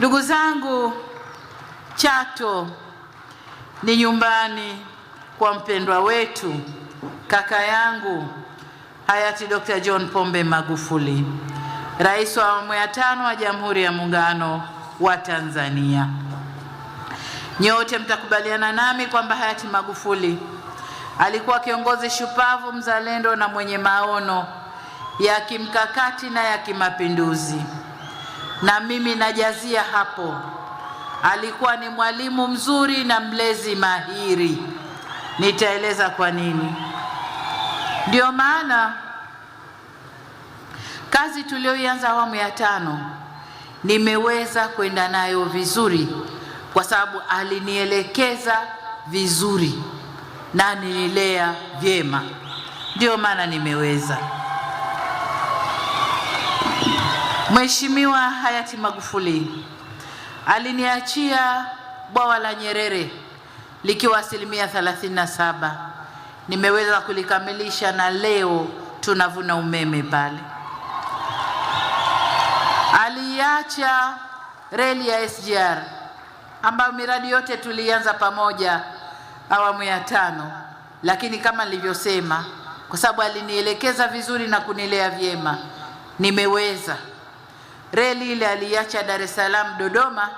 Ndugu zangu, Chato ni nyumbani kwa mpendwa wetu kaka yangu hayati Dr. John Pombe Magufuli, rais wa awamu ya tano wa Jamhuri ya Muungano wa Tanzania. Nyote mtakubaliana nami kwamba hayati Magufuli alikuwa kiongozi shupavu, mzalendo na mwenye maono ya kimkakati na ya kimapinduzi na mimi najazia hapo. Alikuwa ni mwalimu mzuri na mlezi mahiri. Nitaeleza kwa nini. Ndio maana kazi tuliyoianza awamu ya tano nimeweza kwenda nayo vizuri, kwa sababu alinielekeza vizuri na nililea vyema, ndio maana nimeweza. Mheshimiwa hayati Magufuli aliniachia bwawa la Nyerere likiwa asilimia 37, nimeweza kulikamilisha na leo tunavuna umeme pale. Aliacha reli ya SGR ambayo miradi yote tulianza pamoja awamu ya tano, lakini kama nilivyosema, kwa sababu alinielekeza vizuri na kunilea vyema, nimeweza Reli ile aliacha Dar es Salaam Dodoma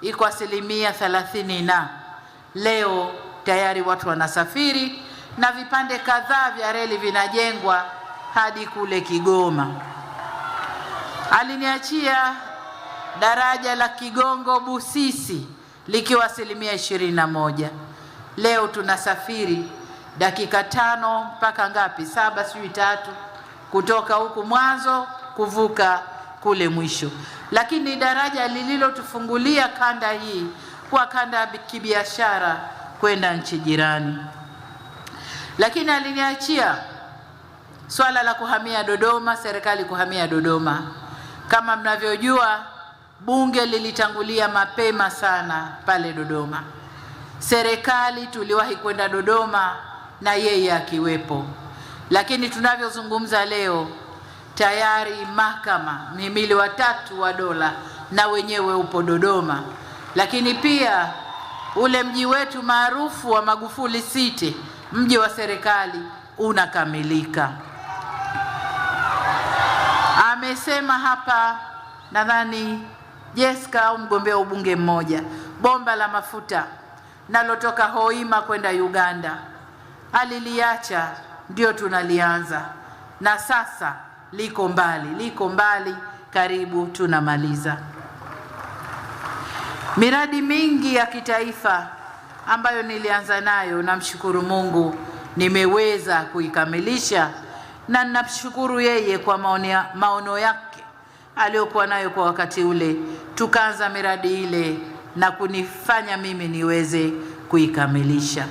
iko asilimia thelathini na leo tayari watu wanasafiri na vipande kadhaa vya reli vinajengwa hadi kule Kigoma. Aliniachia daraja la Kigongo Busisi likiwa asilimia ishirini na moja. Leo tunasafiri dakika tano mpaka ngapi, saba sijui tatu, kutoka huku mwanzo kuvuka kule mwisho, lakini ni daraja lililotufungulia kanda hii kwa kanda ya kibiashara kwenda nchi jirani. Lakini aliniachia swala la kuhamia Dodoma, serikali kuhamia Dodoma. Kama mnavyojua, bunge lilitangulia mapema sana pale Dodoma. Serikali tuliwahi kwenda Dodoma na yeye akiwepo, lakini tunavyozungumza leo tayari mahakama mhimili wa tatu wa dola na wenyewe upo Dodoma, lakini pia ule mji wetu maarufu wa Magufuli City, mji wa serikali unakamilika. Amesema hapa nadhani Jeska au mgombea ubunge mmoja, bomba la mafuta nalotoka Hoima kwenda Uganda aliliacha, ndio tunalianza na sasa liko mbali, liko mbali, karibu tunamaliza. Miradi mingi ya kitaifa ambayo nilianza nayo, namshukuru Mungu nimeweza kuikamilisha, na namshukuru yeye kwa maonia, maono yake aliyokuwa nayo kwa wakati ule, tukaanza miradi ile na kunifanya mimi niweze kuikamilisha.